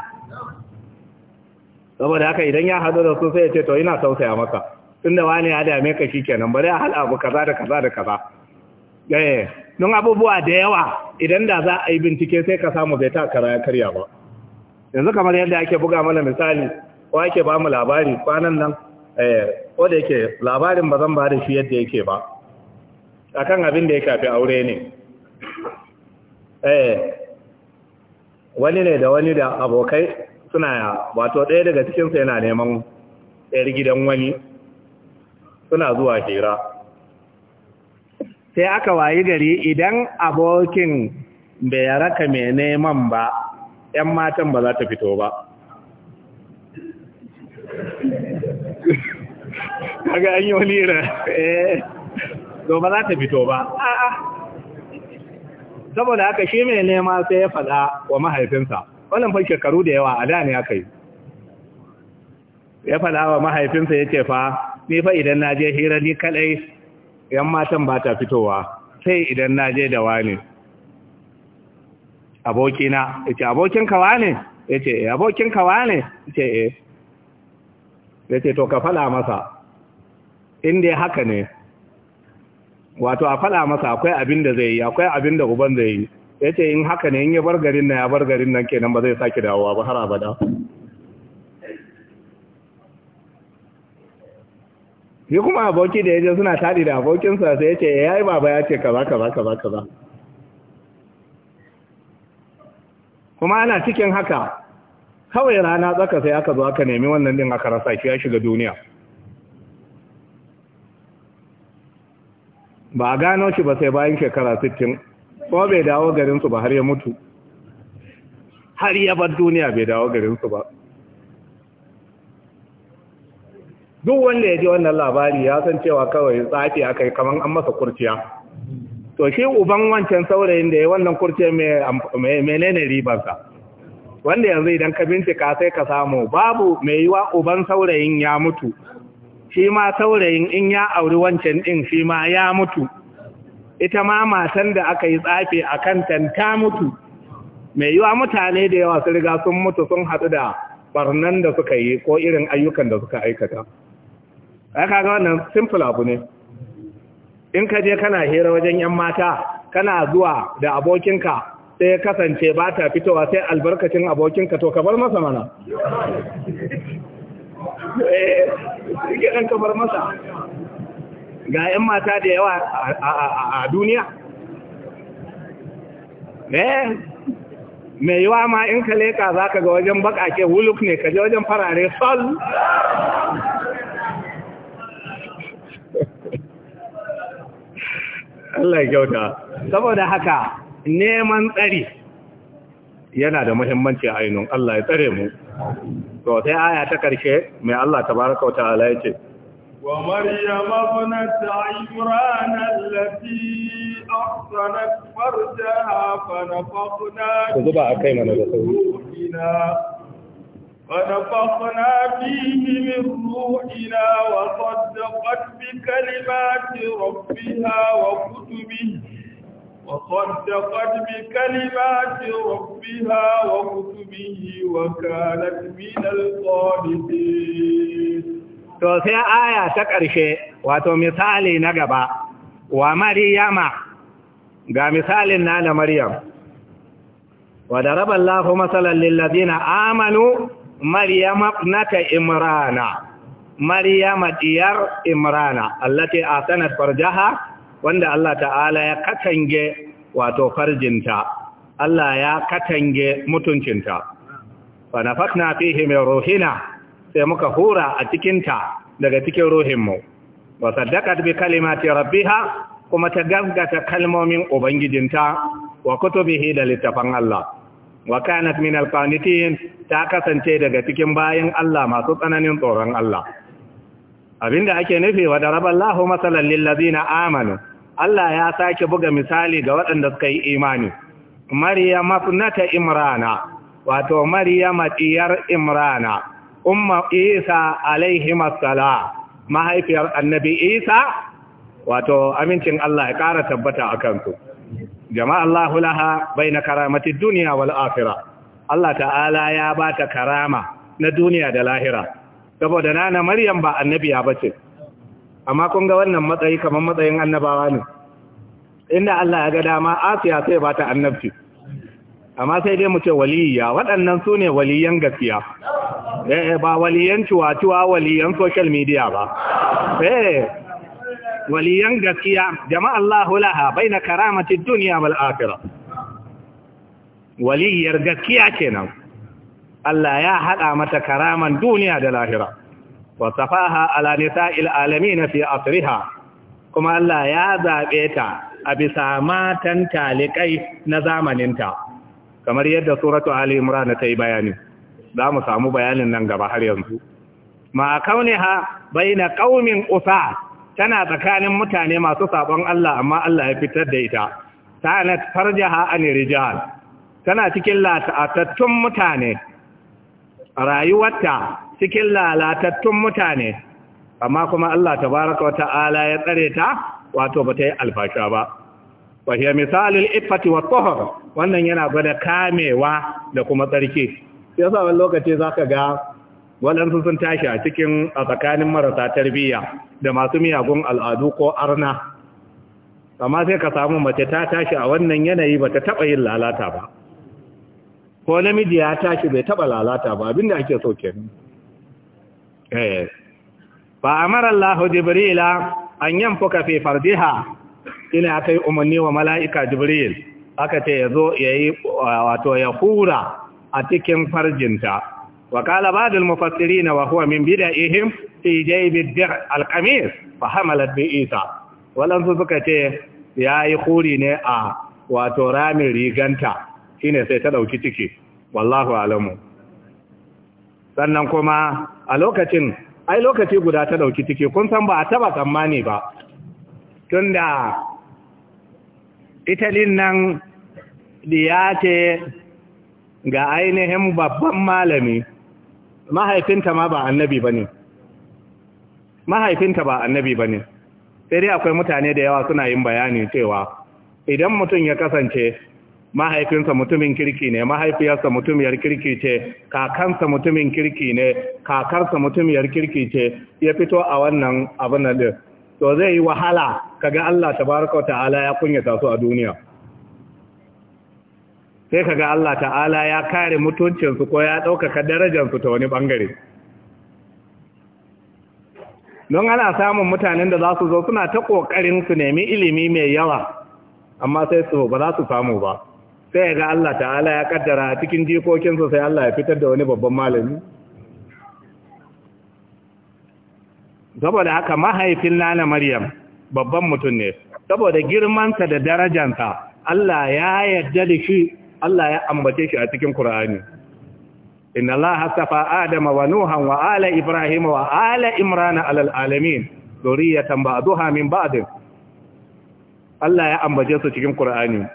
A: saboda haka idan ya haɗu da su sai ya ce to ina tausaya maka tunda wani ya dame ka shikenan bari a hada abu kaza da kaza da kaza eh don abubuwa da yawa idan da za a yi bincike sai ka samu bai ta kara ya karya ba yanzu kamar yadda ake buga mana misali ko ake ba mu labari kwanan nan eh ko da yake labarin ba zan ba da shi yadda yake ba akan abin da ya kafi aure ne eh wani ne da wani da abokai suna wato ɗaya daga cikinsa yana neman ɗayar gidan wani suna zuwa hira sai aka wayi gari idan abokin bai raka mai neman ba ‘yan matan ba za ta fito ba aga an yi wani ra eh ba za ta fito ba a saboda aka shi mai nema sai ya faɗa wa mahaifinsa wannan fa shekaru da yawa a da ne aka yi ya fada wa mahaifinsa ya ce fa ni fa idan na je hira ni kaɗai yan matan ba ta fitowa sai idan na je da wani abokina ya ce abokin kawa ne ya ce eh, abokin kawa ne ya ce e ya ce to ka faɗa masa inda ya haka ne wato a faɗa masa akwai abin da zai yi akwai abin da uban zai yi ya ce in haka ne in ya bar garin na ya bar garin nan kenan ba zai sake dawowa ba har abada yi kuma aboki da ya je suna taɗi da abokinsa sai ya ce ya eh, yi baba ya ce kaza kaza kaza kaza kuma ana cikin haka kawai rana tsaka sai aka zo aka nemi wannan din aka rasa shi ya shiga duniya ba a gano shi ba sai bayan shekara sittin. ko bai dawo garinsu ba har ya mutu har ya bar duniya bai dawo garinsu ba duk wanda ya ji wannan labari ya san cewa kawai tsafi aka yi kamar an masa kurciya to shi uban wancan saurayin da ya wannan kurciya menene ribarsa wanda yanzu idan ka bincika sai ka samu babu mai yiwa uban saurayin ya mutu shi ma saurayin in ya auri wancan din shi ma ya mutu ita ma matan da aka yi tsafi a kan ta mutu mai yiwa mutane da yawa su riga sun mutu sun haɗu da barnan da suka yi ko irin ayyukan da suka aikata ai kaga wannan simple abu ne in ka je kana hira wajen yan mata kana zuwa da abokinka sai ya kasance ba ta fitowa sai albarkacin abokinka to ka masa mana <laughs> eh ga 'yan mata da yawa a duniya eh mai yawa ma in ka leka za ka ga wajen bakake huluk ne ka je wajen farare sol <laughs> Allah ya kyauta saboda haka neman tsari yana da muhimmanci a ainihin Allah ya tsare mu to sai aya ta karshe mai Allah tabaraka wa ta'ala ya ce
B: ومريم ابنة عمران التي أحصنت فرجها فنفخنا
A: روحنا
B: فنفخنا فيه من روحنا وصدقت بكلمات ربها وكتبه وصدقت بكلمات ربها وكتبه وكانت من القانتين
A: to sai aya ta ƙarshe wato misali na gaba wa maryama ga misalin na da maryam wa daraba Allahu masalan lil ladina amanu maryama ibnata imrana maryama diyar imrana allati sanar farjaha wanda Allah ta'ala ya katange wato farjinta Allah ya katange mutuncinta fa na fihi min ruhina sai muka hura a cikinta daga cikin ruhinmu wa saddaqat bi kalimati rabbiha kuma ta gaggata kalmomin ubangijinta wa kutubihi da littafan Allah wa kanat min alqanitin ta kasance daga cikin bayin Allah masu tsananin tsoron Allah abinda ake nufi wa daraballahu masalan lil ladina amanu Allah ya sake buga misali ga waɗanda suka yi imani Maryam mafnata Imrana wato maryama diyar Imrana umma isa alaihi masala mahaifiyar annabi isa wato amincin Allah ya ƙara tabbata a kansu jama'a Allah laha bai na karamati duniya wal afira Allah ta'ala ya ba ta karama na duniya da lahira saboda nana maryam ba annabiya ba ce amma kun ga wannan matsayi kamar matsayin annabawa ne inda Allah ya ga dama asiya sai ba ta annabci amma sai dai mu ce waliyya waɗannan su ne waliyyan gaskiya Eh, eh ba waliyan cuwa-cuwa waliyan social media ba eh waliyan gaskiya jama'a Allahu laha baina karamati dunya wal akhirah waliyar gaskiya kenan Allah ya hada mata karaman duniya da lahira wa safaha ala nisa'il alamin fi asriha kuma Allah ya zabe ta a bisa matan talikai na zamaninta kamar yadda suratu ali imran ta yi bayani za mu samu bayanin nan gaba har yanzu ma kauniha baina qaumin usa tana tsakanin mutane masu sabon Allah amma Allah ya fitar da ita sanat farjaha an rijal tana cikin latattun mutane rayuwarta cikin lalatattun mutane amma kuma Allah tabaraka wata'ala ya tsare ta wato bata yi alfasha ba wa hiya misalul iffati wat wannan yana gwada kamewa da kuma tsarki ya sa wani lokaci za ka ga waɗansu sun tashi a cikin a tsakanin marasa tarbiyya da masu miyagun al'adu ko arna amma sai ka samu mace ta tashi a wannan yanayi ba ta taɓa yin lalata ba ko namiji ya tashi bai taɓa lalata ba abinda ake so ni. ba eh. a marar Lahu Jibrila an fuka fi fardiha ina kai umarni wa mala'ika Jibril aka ce ya zo ya yi wato ya hura a cikin farjinta wa kala ba'd na mufassirin wa huwa min bid'ihim fi jayb ad-dir' al-qamis fa hamalat bi isa walan suka ce yayi khuri ne a wato ramin riganta shine sai ta dauki ciki wallahu alamu sannan kuma a lokacin ai lokaci guda ta dauki ciki kun san ba a taba tsammani ba tunda italin nan diya ce ga ainihin babban malami mahaifinta ma ba annabi ba ne mahaifinta ba annabi ba ne sai dai akwai mutane da yawa suna yin bayani cewa idan mutum ya kasance mahaifinsa mutumin kirki ne mahaifiyarsa mutumiyar kirki ce kakansa mutumin kirki ne kakarsa mutumiyar kirki ce ya fito a wannan abin da to zai yi wahala kaga Allah tabaraka wa ta'ala ya kunyata su a duniya sai kaga Allah ta'ala ya kare mutuncinsu ko ya ɗaukaka darajarsu ta wani ɓangare don ana samun mutanen da za su zo suna ta ƙoƙarin su nemi ilimi mai yawa amma sai su ba za su samu ba sai ga Allah ta'ala ya kaddara a cikin jikokinsu sai Allah ya fitar da wani babban malami saboda haka mahaifin nana maryam babban mutum ne saboda girmansa da darajansa Allah ya yarda da shi Allah ya ambace shi a cikin Qur'ani inna Allah hasafa adama wa nuhan wa ala ibrahima wa ala imrana alal alamin zuriyatan ba'daha min ba'd Allah ya ambace su cikin Qur'ani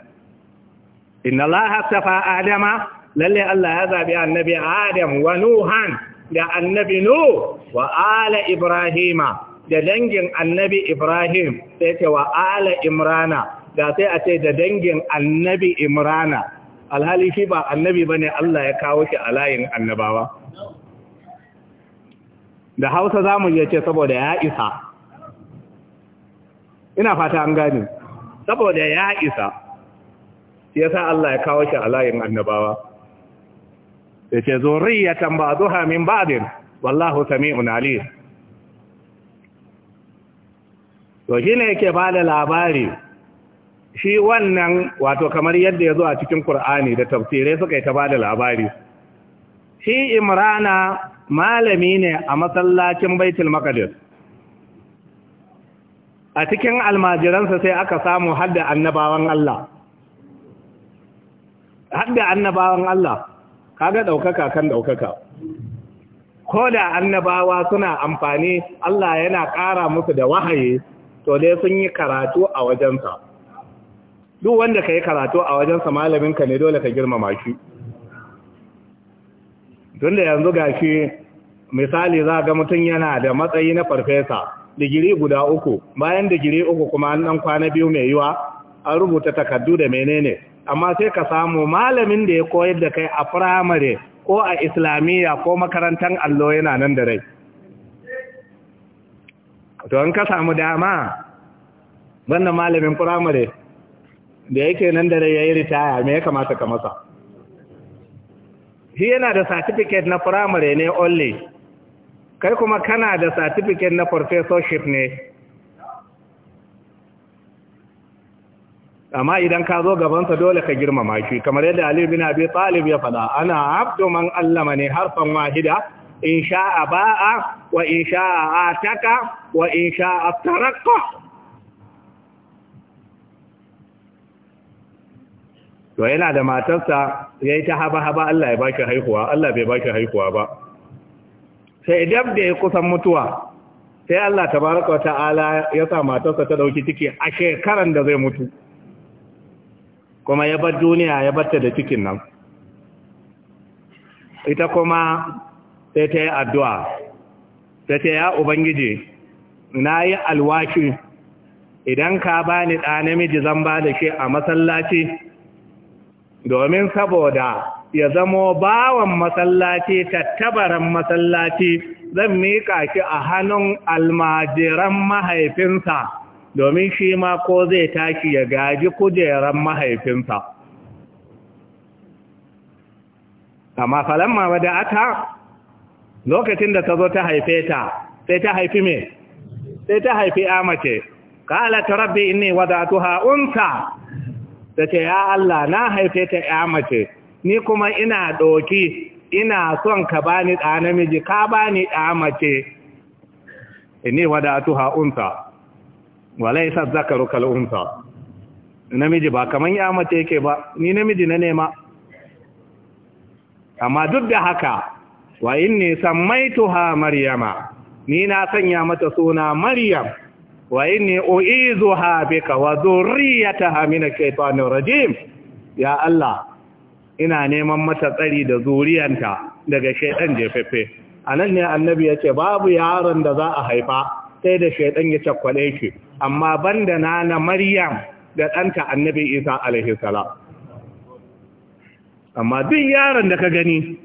A: inna Allah hasafa adama lalle Allah ya zabi annabi Adam wa nuhan da annabi nuh wa ala ibrahima da dangin annabi Ibrahim sai ce wa ala imrana da sai a ce da dangin annabi imrana alhali shi ba annabi ba ne Allah ya kawo shi a layin annabawa da hausa za mu ce saboda ya isa ina fata an gani saboda ya isa shi sa Allah ya kawo shi a layin annabawa ya ce zurriyatan zuha min ba'din wallahu sami'un alim to shine yake bada labari shi wannan wato kamar yadda ya zo a cikin Kur'ani da tafsirai suka yi ta ba da labari shi imrana malami ne a masallacin baitul maqdis a cikin almajiransa sai aka samu hadda annabawan Allah hadda annabawan Allah kaga daukaka kan daukaka ko da annabawa suna amfani Allah yana ƙara musu da wahayi to dai sun yi karatu a wajensa duk wanda ka yi karatu a wajensa malaminka ne dole ka girmama shi tun da yanzu ga shi misali za ga mutum yana da matsayi na farfesa digiri guda uku bayan digiri uku kuma an kwana biyu mai yiwa an rubuta takardu da menene amma sai ka samu malamin da ya koyar da kai a firamare ko a islamiyya ko makarantar allo yana nan da rai to ka samu dama wannan malamin firamare da yake nan da ya yi ritaya me ya kamata ka masa shi yana da certificate na firamare ne only kai kuma kana da certificate na professorship ne amma idan ka zo gabansa dole ka girmama shi kamar yadda Ali bin Abi Talib ya fada ana abdu man allama ne harfan wahida in sha'a ba'a wa in sha'a ataka wa in sha'a to yana da matarsa ya yi ta haba-haba Allah ya baki haihuwa Allah bai baki haihuwa ba sai idan da ya kusan mutuwa sai Allah tabaraka wa ta'ala ya sa matarsa ta dauki ciki a shekaran da zai mutu kuma ya bar duniya ya barta da cikin nan ita kuma sai ta yi addu'a ta ya ubangiji na yi alwashi idan ka bani ɗa namiji zan ba da shi a masallaci domin saboda ya zamo bawan masallaci tattabaran masallaci zan miƙa shi a hannun almajiran mahaifinsa domin shi ma ko zai tashi ya gaji kujeran mahaifinsa amma falamma wadda aka lokacin da ta zo ta haife ta sai ta haifi me sai ta haifi amace kala ta rabbi inni wadatuha unsa ta ce ya Allah na haife ta ya mace ni kuma ina ɗoki ina son ka bani ɗa namiji ka bani ɗa mace Ni ha unta unsa sa zakaru kal unsa namiji ba kaman ya mace yake ba ni namiji na nema amma duk da haka wa inni sammaituha maryama ni na sanya mata suna maryam wa inni u'izuha bika wa zurriyataha min ash-shaytanir rajim ya Allah ina neman mata tsari da zuriyanta daga shaytan jefefe anan ne annabi yace babu yaron da za a haifa sai da shaytan ya cakwale shi amma banda nana Maryam da ɗanta annabi Isa alaihi salam amma duk yaron da ka gani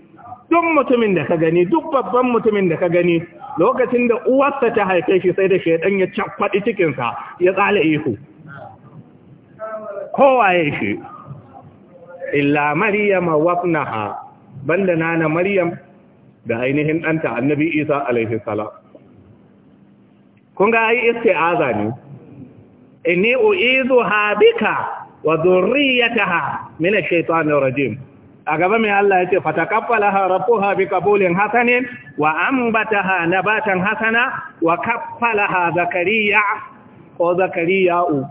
A: duk mutumin da ka gani duk babban mutumin da ka gani lokacin da uwarsa ta haife shi sai da shaidan ya cakwaɗi cikinsa ya tsala ihu kowaye shi illa maryam wafnaha banda nana maryam da ainihin ɗanta annabi isa alaihi salam kun ga ai iske Ini inni u'izu habika wa dhurriyyataha min ash-shaytanir rajim a gaba mai Allah ya ce fatakaffalaha rabbuha biqabulin hasanin wa ha na batan hasana wa ha zakariya ko zakariya'u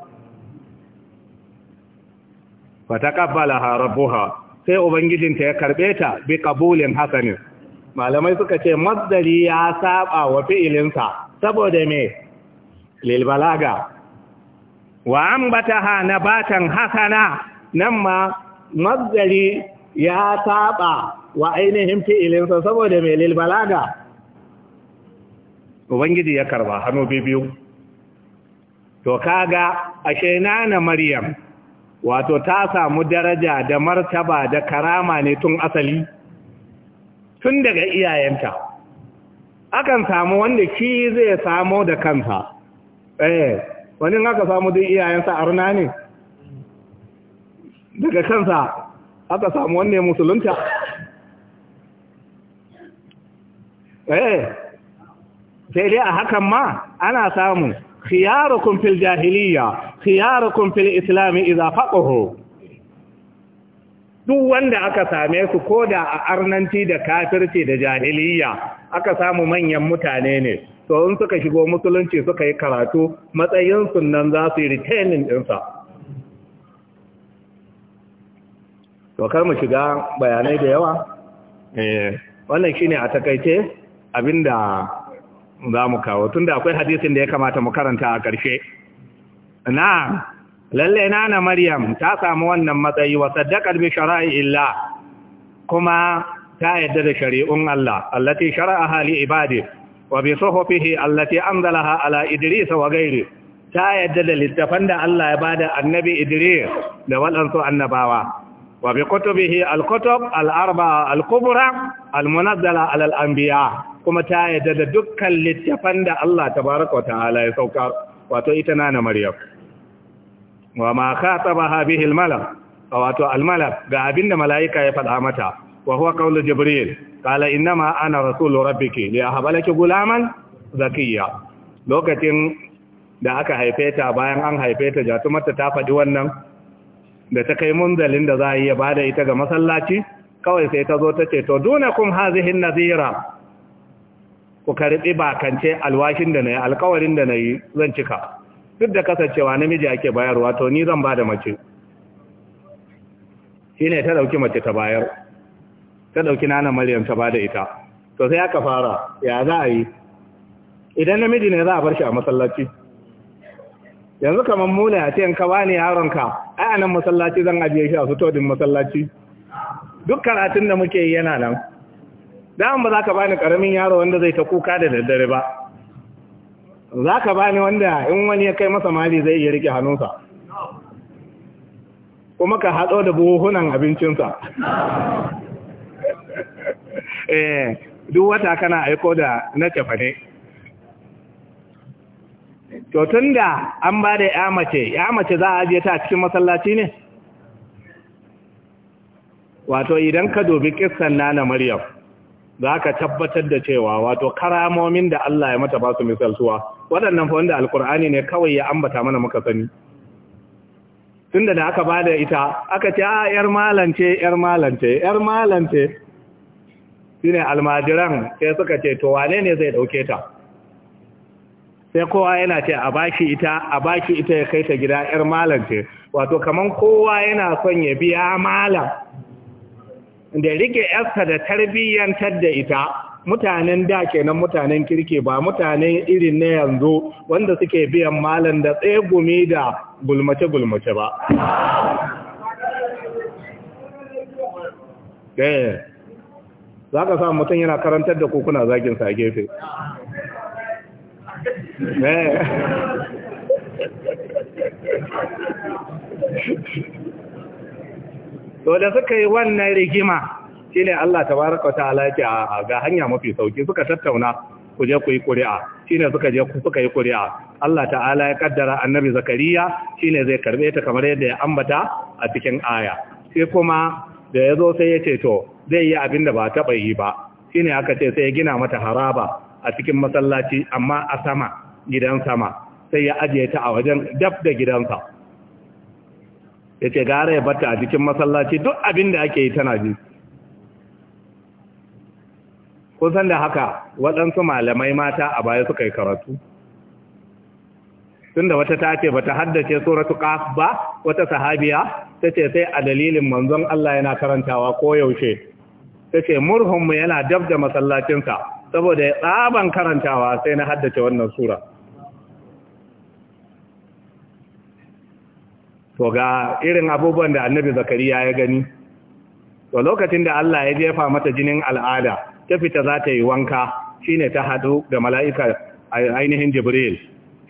A: fatakaffalaha ha sai ubangijinta ya karbe ta bi biqabulin hasanin malamai suka ce mazdari ya saba wa fi'ilinsa saboda me an bata ha na batan hasana nan ma mazdari ya saba wa ainihin fi'ilinsa saboda mai lilbalaga ubangiji ya karba hannu biyu to kaga ashe na maryam wato ta samu daraja da martaba da karama ne tun asali tun daga iyayenta akan samu wanda ki zai samu da kansa eh wani aka samu duk iyayensa a ne daga kansa aka samu wanne musulunta eh sai dai a hakan ma ana samu khiyarukum fil jahiliya khiyarukum fil islam idza faqahu duk wanda aka same su koda a arnanci da kafirci da jahiliya aka samu manyan mutane ne to in suka shigo musulunci suka yi karatu matsayin sunan za su yi retaining ɗinsa. kar mu shiga bayanai da yawa eh wannan shine a takaice abinda za mu kawo tunda akwai hadisin da ya kamata mu karanta a ƙarshe na lalle nana maryam ta samu wannan matsayi wa saddaqat bi illa kuma ta yadda da shari'un Allah allati shara'aha li ibadi wa bi suhufihi allati anzalaha ala idris wa ghairi ta yadda da littafan da Allah ya bada annabi idris da wadansu annabawa wabi kotubihi alkotob al'arba alkubura almunazala alal ambiya kuma ta yadda da dukkan littafan da Allah ta baraka wata ya sauka wato ita nana maryam wa ma ka taba habihi almalak wato almalak ga abin da mala'ika ya faɗa mata wa huwa qawlu jibril qala innama ana rasulu rabbiki li ahbalaki gulaman Zakiya? lokacin da aka haifeta bayan an haife ta jatu ta faɗi wannan da ta kai munzalin da za a iya bada ita ga masallaci kawai sai ta zo ta ce to kun hazihin nazira ku karbi bakance alwashin da nayi alkawarin da nayi zan cika duk da kasancewa namiji ake bayarwa to ni zan bada mace shine ta dauki mace ta bayar ta dauki nana maryam ta bada ita to sai aka fara ya za a yi idan namiji ne za a bar shi a masallaci yanzu kamar muna a ce ka wani yaronka ai anan masallaci zan ajiye shi a fito din masallaci duk karatun da muke yana nan dan ba za ka bani karamin yaro wanda zai ta kuka da daddare ba za ka bani wanda in wani ya kai masa mali zai iya rike hannunsa kuma ka haɗo da buhunan abincinsa <laughs> eh, duk wata kana aiko da na cefane to da an ba da ya mace ya mace za a ajiye ta a cikin masallaci ne wato idan ka dubi kissan nana maryam za ka tabbatar da cewa wato karamomin da Allah ya mata ba su misaltuwa waɗannan fa wanda alkur'ani ne kawai ya ambata mana muka sani Tun da aka ba da ita aka ce a ah, yar malance yar malance yar malance ne almajiran sai suka ce to wane ne zai ɗauke ta sai kowa yana ce a bashi ita a bashi ita ya kai ta gida yar malam ce wato kaman kowa yana son ya biya malam da rike yarsa da tarbiyyantar da ita mutanen da kenan mutanen kirki ba mutanen irin na yanzu wanda suke biyan malam da tsaye gumi da gulmace gulmace ba eh, za ka sa mutum yana karantar da kukuna zagin a gefe Eh. to suka yi wannan rigima shi ne Allah ta baraka wa ta'ala a ga hanya mafi sauƙi suka tattauna ku je ku yi ƙuri'a shi ne suka je suka yi ƙuri'a Allah ta'ala ya kaddara annabi zakariya shi ne zai karɓe ta kamar yadda ya ambata a cikin aya sai kuma da ya zo sai ya ce to zai yi abin da ba taɓa yi ba shi ne aka ce sai ya gina mata haraba a cikin masallaci amma a sama gidan sama sai ya ajiye ta a wajen daf da gidansa ya ce gara ya batta a cikin masallaci duk abin da ake yi tana ji kusan da haka waɗansu malamai mata a baya suka yi karatu tun da wata ta ce ba ta haddace suratu ƙaf ba wata sahabiya ta ce sai a dalilin manzon Allah yana karantawa koyaushe yaushe ta ce murhunmu yana dab da masallacinsa saboda ya tsaban karantawa sai na haddace wannan sura to ga irin abubuwan da annabi zakariya ya gani to lokacin da Allah ya jefa mata jinin al'ada ta fita za ta yi wanka shine ta haɗu da mala'ika a ainihin jibril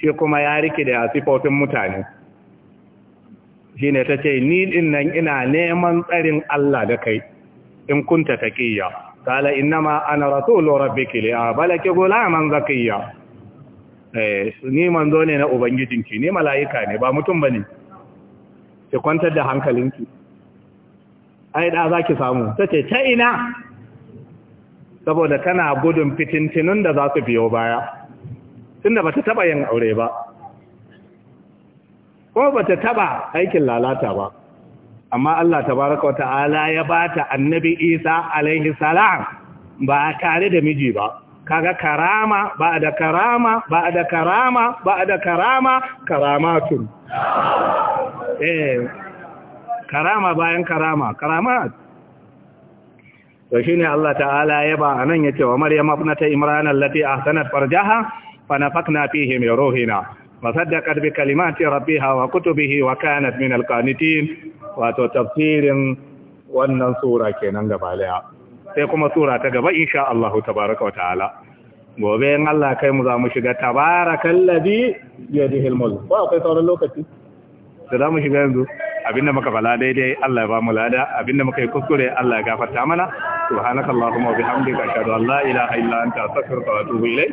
A: shi kuma ya rike da sifofin mutane shi ne ta ce ni ɗin nan ina neman tsarin Allah da kai in kunta taƙiyya قال إنما أنا رسول ربك لأبلك غلاما زكيا ni manzo ne na ubangijinki ni mala'ika ne ba mutum bane ki kwantar da hankalinki ai da zaki samu tace ta ina saboda tana gudun fitintinun da za su biyo baya tunda bata taba yin aure ba ko bata taba aikin lalata ba amma Allah tabaraka wa ta'ala ya bata annabi Isa alaihi salam ba tare da miji ba kaga karama ba da karama ba da karama ba da karama karamatun eh karama bayan karama karamat to shine Allah ta'ala ya ba anan yace wa maryam ibnata imran allati ahsanat farjaha fa nafakna fihi min ruhina وصدقت بكلمات ربها وكتبه وكانت من القانتين وتتفسير wannan sura kenan gaba daya sai kuma sura ta gaba insha Allah tabaaraka wataala gobe in Allah kai mu za mu shiga tabarakal ladhi yadihi almulk ba akwai sauran lokaci da za mu shiga yanzu abinda muka bala daidai Allah ya ba mu lada abinda muka yi kuskure Allah ya gafarta mana subhanakallahumma wa bihamdika ashhadu an la ilaha illa anta astaghfiruka wa atubu ilayk